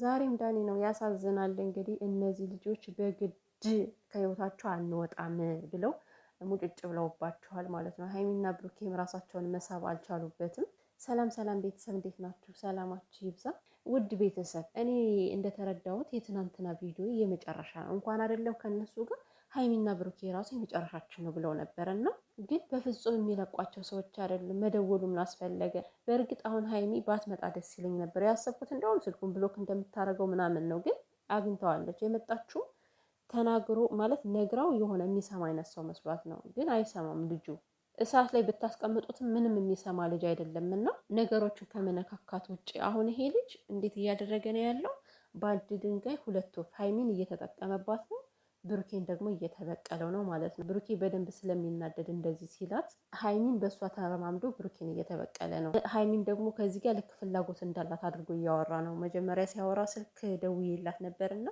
ዛሬም ዳኒ ነው ያሳዝናል። እንግዲህ እነዚህ ልጆች በግድ ከህይወታቸው አንወጣም ብለው ሙጭጭ ብለውባቸዋል ማለት ነው። ሀይሚና ብሩኬም ራሳቸውን መሳብ አልቻሉበትም። ሰላም ሰላም ቤተሰብ እንዴት ናችሁ? ሰላማችሁ ይብዛ። ውድ ቤተሰብ እኔ እንደተረዳሁት የትናንትና ቪዲዮ የመጨረሻ ነው። እንኳን አይደለም ከነሱ ጋር ሀይሚና ብሩኬ የራሱ የመጨረሻችን ነው ብለው ነበር እና ግን በፍጹም የሚለቋቸው ሰዎች አይደሉም። መደወሉ ምን አስፈለገ? በእርግጥ አሁን ሀይሚ ባትመጣ ደስ ይለኝ ነበር ያሰብኩት። እንደውም ስልኩን ብሎክ እንደምታደርገው ምናምን ነው። ግን አግኝተዋለች። የመጣችው ተናግሮ ማለት ነግራው የሆነ የሚሰማ አይነት ሰው መስሏት ነው። ግን አይሰማም ልጁ እሳት ላይ ብታስቀምጡትም ምንም የሚሰማ ልጅ አይደለም። እና ነገሮችን ከመነካካት ውጭ አሁን ይሄ ልጅ እንዴት እያደረገ ነው ያለው? በአንድ ድንጋይ ሁለት ወፍ ሀይሚን እየተጠቀመባት ነው ብሩኬን ደግሞ እየተበቀለው ነው ማለት ነው። ብሩኬ በደንብ ስለሚናደድ እንደዚህ ሲላት ሀይሚን በእሷ ተረማምዶ ብሩኬን እየተበቀለ ነው። ሀይሚን ደግሞ ከዚህ ጋር ልክ ፍላጎት እንዳላት አድርጎ እያወራ ነው። መጀመሪያ ሲያወራ ስልክ ደውዬላት ነበር እና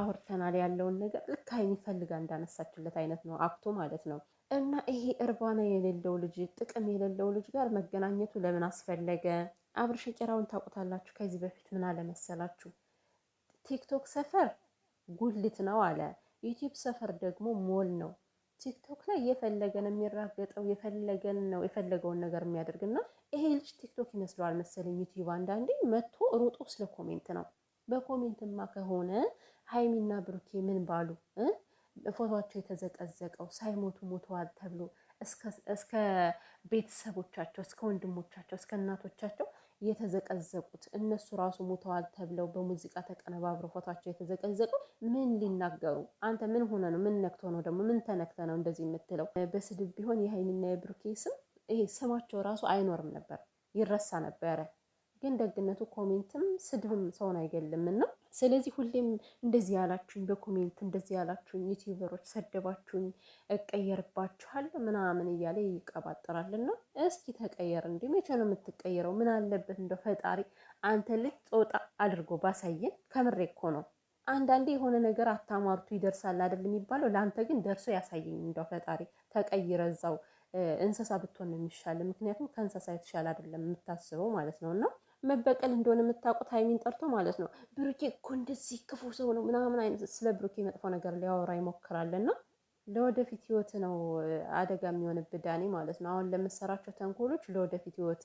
አውርተናል ያለውን ነገር ልክ ሀይሚ ፈልጋ እንዳነሳችለት አይነት ነው አክቶ ማለት ነው። እና ይሄ እርባና የሌለው ልጅ ጥቅም የሌለው ልጅ ጋር መገናኘቱ ለምን አስፈለገ? አብር ሸቄራውን ታውቁታላችሁ። ከዚህ በፊት ምን አለመሰላችሁ ቲክቶክ ሰፈር ጉልት ነው አለ ዩቲዩብ ሰፈር ደግሞ ሞል ነው። ቲክቶክ ላይ የፈለገን የሚራገጠው የፈለገን ነው የፈለገውን ነገር የሚያደርግና ይሄ ልጅ ቲክቶክ ይመስለዋል መሰለኝ ዩቲዩብ አንዳንዴ መጥቶ ሮጦ ስለ ኮሜንት ነው። በኮሜንትማ ከሆነ ሀይሚና ብሩኬ ምን ባሉ ፎቶቸው የተዘቀዘቀው ሳይሞቱ ሞተዋል ተብሎ እስከ ቤተሰቦቻቸው እስከ ወንድሞቻቸው እስከ እናቶቻቸው የተዘቀዘቁት እነሱ ራሱ ሙተዋል ተብለው በሙዚቃ ተቀነባብረ ፎቷቸው የተዘቀዘቁ ምን ሊናገሩ? አንተ ምን ሆነ ነው? ምን ነክቶ ነው ደግሞ? ምን ተነክተ ነው እንደዚህ የምትለው? በስድብ ቢሆን የሀይሚና የብሩኬ ስም ይሄ ስማቸው ራሱ አይኖርም ነበር፣ ይረሳ ነበረ። ግን ደግነቱ ኮሜንትም ስድብም ሰውን አይገልም እና ስለዚህ ሁሌም እንደዚህ ያላችሁኝ በኮሜንት እንደዚህ ያላችሁኝ ዩቲዩበሮች ሰደባችሁኝ፣ እቀየርባችኋል ምናምን እያለ ይቀባጠራልና እስኪ ተቀየር። እንዲ መቼ ነው የምትቀየረው? ምን አለበት እንደ ፈጣሪ አንተ ልጅ ጾጣ አድርጎ ባሳየን። ከምሬ እኮ ነው። አንዳንዴ የሆነ ነገር አታማርቱ ይደርሳል አይደል የሚባለው። ለአንተ ግን ደርሶ ያሳየኝ እንደ ፈጣሪ። ተቀይረ እዛው እንስሳ ብትሆን ነው የሚሻል። ምክንያቱም ከእንስሳ የተሻለ አይደለም የምታስበው ማለት ነው እና መበቀል እንደሆነ የምታውቁት ሀይሚን ጠርቶ ማለት ነው ብሩኬ እኮ እንደዚህ ክፉ ሰው ነው ምናምን አይነት ስለ ብሩኬ መጥፎ ነገር ሊያወራ ይሞክራልና ለወደፊት ህይወት ነው አደጋ የሚሆንብህ ዳኒ ማለት ነው። አሁን ለምሰራቸው ተንኮሎች ለወደፊት ህይወት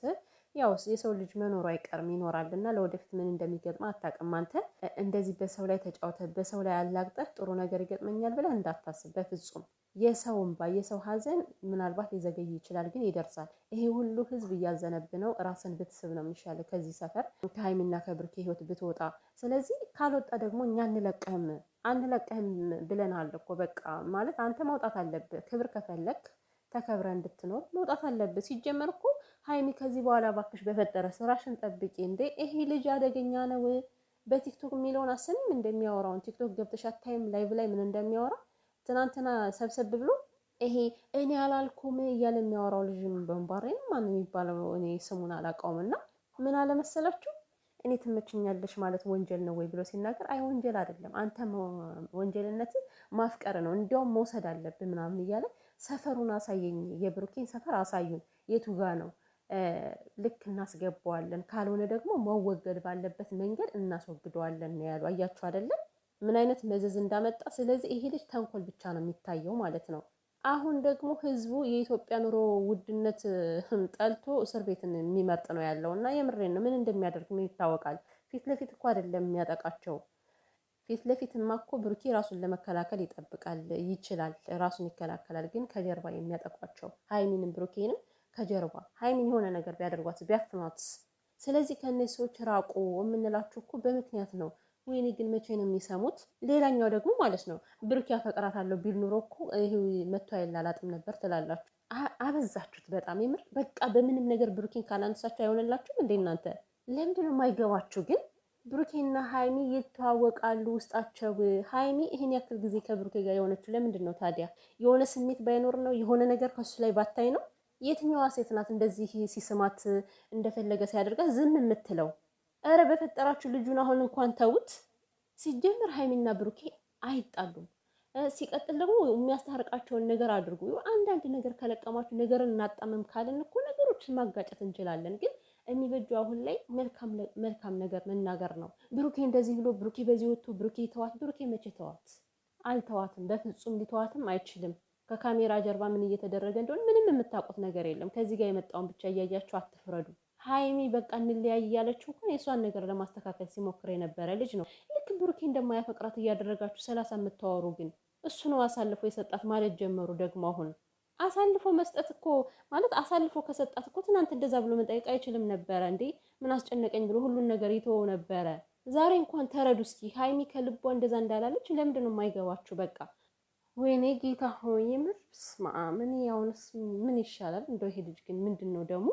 ያው የሰው ልጅ መኖሩ አይቀርም ይኖራል እና ለወደፊት ምን እንደሚገጥመ አታውቅም። አንተ እንደዚህ በሰው ላይ ተጫውተህ በሰው ላይ አላግጠህ ጥሩ ነገር ይገጥመኛል ብለህ እንዳታስብ በፍጹም። የሰው እንባ የሰው ሀዘን ምናልባት ሊዘገይ ይችላል፣ ግን ይደርሳል። ይሄ ሁሉ ህዝብ እያዘነብ ነው። ራስን ብትስብ ነው የሚሻል ከዚህ ሰፈር ከሀይሚና ከብርኬ ህይወት ብትወጣ። ስለዚህ ካልወጣ ደግሞ እኛ እንለቀህም አንለቅህም ብለናል እኮ በቃ ማለት አንተ መውጣት አለብህ። ክብር ከፈለክ ተከብረ እንድትኖር መውጣት አለብህ። ሲጀመር እኮ ሀይሚ ከዚህ በኋላ ባክሽ በፈጠረ ስራሽን ጠብቂ እንዴ! ይሄ ልጅ አደገኛ ነው። በቲክቶክ የሚለውን አስንም እንደሚያወራውን ቲክቶክ ገብተሽ አታይም? ላይቭ ላይ ምን እንደሚያወራ ትናንትና ሰብሰብ ብሎ ይሄ እኔ አላልኩም እያለ የሚያወራው ልጅ በንባሬ ማን የሚባለው እኔ ስሙን አላውቀውም። እና ምን አለመሰላችሁ እኔ ትመችኛለሽ ማለት ወንጀል ነው ወይ ብሎ ሲናገር አይ ወንጀል አይደለም፣ አንተ ወንጀልነትን ማፍቀር ነው እንዲያውም መውሰድ አለብን ምናምን እያለ ሰፈሩን አሳየኝ፣ የብሩኬን ሰፈር አሳዩን፣ የቱ ጋ ነው ልክ እናስገባዋለን፣ ካልሆነ ደግሞ መወገድ ባለበት መንገድ እናስወግደዋለን ነው ያሉ። አያችሁ አይደለም ምን አይነት መዘዝ እንዳመጣ። ስለዚህ ይሄ ልጅ ተንኮል ብቻ ነው የሚታየው ማለት ነው። አሁን ደግሞ ህዝቡ የኢትዮጵያ ኑሮ ውድነት ጠልቶ እስር ቤትን የሚመርጥ ነው ያለው እና የምሬን ነው። ምን እንደሚያደርግ ምን ይታወቃል። ፊት ለፊት እኮ አይደለም የሚያጠቃቸው። ፊት ለፊትማ እኮ ብሩኬ ራሱን ለመከላከል ይጠብቃል፣ ይችላል፣ ራሱን ይከላከላል። ግን ከጀርባ የሚያጠቋቸው ሀይሚንም ብሩኬንም ከጀርባ ሀይሚን የሆነ ነገር ቢያደርጓት ቢያፍኗት። ስለዚህ ከእነዚህ ሰዎች ራቁ የምንላችሁ እኮ በምክንያት ነው። ወይኔ ግን መቼ ነው የሚሰሙት? ሌላኛው ደግሞ ማለት ነው ብሩክ ያፈቅራታለሁ ቢል ኑሮ እኮ ይህ መቶ አላጥም ነበር ትላላችሁ። አበዛችሁት በጣም የምር በቃ በምንም ነገር ብሩኬን ካላነሳችሁ አይሆንላችሁም እንዴ እናንተ? ለምንድነው የማይገባችሁ ግን? ብሩኬና ሀይሚ ይተዋወቃሉ። ውስጣቸው ሀይሚ ይህን ያክል ጊዜ ከብሩኬ ጋር የሆነችው ለምንድን ነው ታዲያ? የሆነ ስሜት ባይኖር ነው? የሆነ ነገር ከሱ ላይ ባታይ ነው? የትኛዋ ሴት ናት እንደዚህ ሲስማት እንደፈለገ ሲያደርጋት ዝም የምትለው? ኧረ በፈጠራችሁ ልጁን አሁን እንኳን ተውት። ሲጀምር ሀይሚና ብሩኬ አይጣሉም። ሲቀጥል ደግሞ የሚያስታርቃቸውን ነገር አድርጉ። አንዳንድ ነገር ከለቀማችሁ ነገርን እናጣመም ካልን እኮ ነገሮችን ማጋጨት እንችላለን። ግን የሚበጁ አሁን ላይ መልካም ነገር መናገር ነው። ብሩኬ እንደዚህ ብሎ ብሩኬ በዚህ ወጥቶ ብሩኬ ተዋት። ብሩኬ መቼ ተዋት? አልተዋትም። በፍጹም ሊተዋትም አይችልም። ከካሜራ ጀርባ ምን እየተደረገ እንደሆነ ምንም የምታውቁት ነገር የለም። ከዚህ ጋር የመጣውን ብቻ እያያችሁ አትፍረዱ። ሀይሚ በቃ እንለያይ እያለችው እንኳን የእሷን ነገር ለማስተካከል ሲሞክር የነበረ ልጅ ነው። ልክ ብሩኬ እንደማያፈቅራት እያደረጋችሁ ሰላሳ የምታወሩ ግን እሱ ነው አሳልፎ የሰጣት ማለት ጀመሩ። ደግሞ አሁን አሳልፎ መስጠት እኮ ማለት አሳልፎ ከሰጣት እኮ ትናንት እንደዛ ብሎ መጠየቅ አይችልም ነበረ እንዴ? ምን አስጨነቀኝ ብሎ ሁሉን ነገር ይተወው ነበረ። ዛሬ እንኳን ተረዱ እስኪ። ሀይሚ ከልቧ እንደዛ እንዳላለች ለምንድን ነው የማይገባችሁ? በቃ ወይኔ ጌታ ሆይ የምር ስማ፣ ምን ያውንስ ምን ይሻላል? እንደው ይሄ ልጅ ግን ምንድን ነው ደግሞ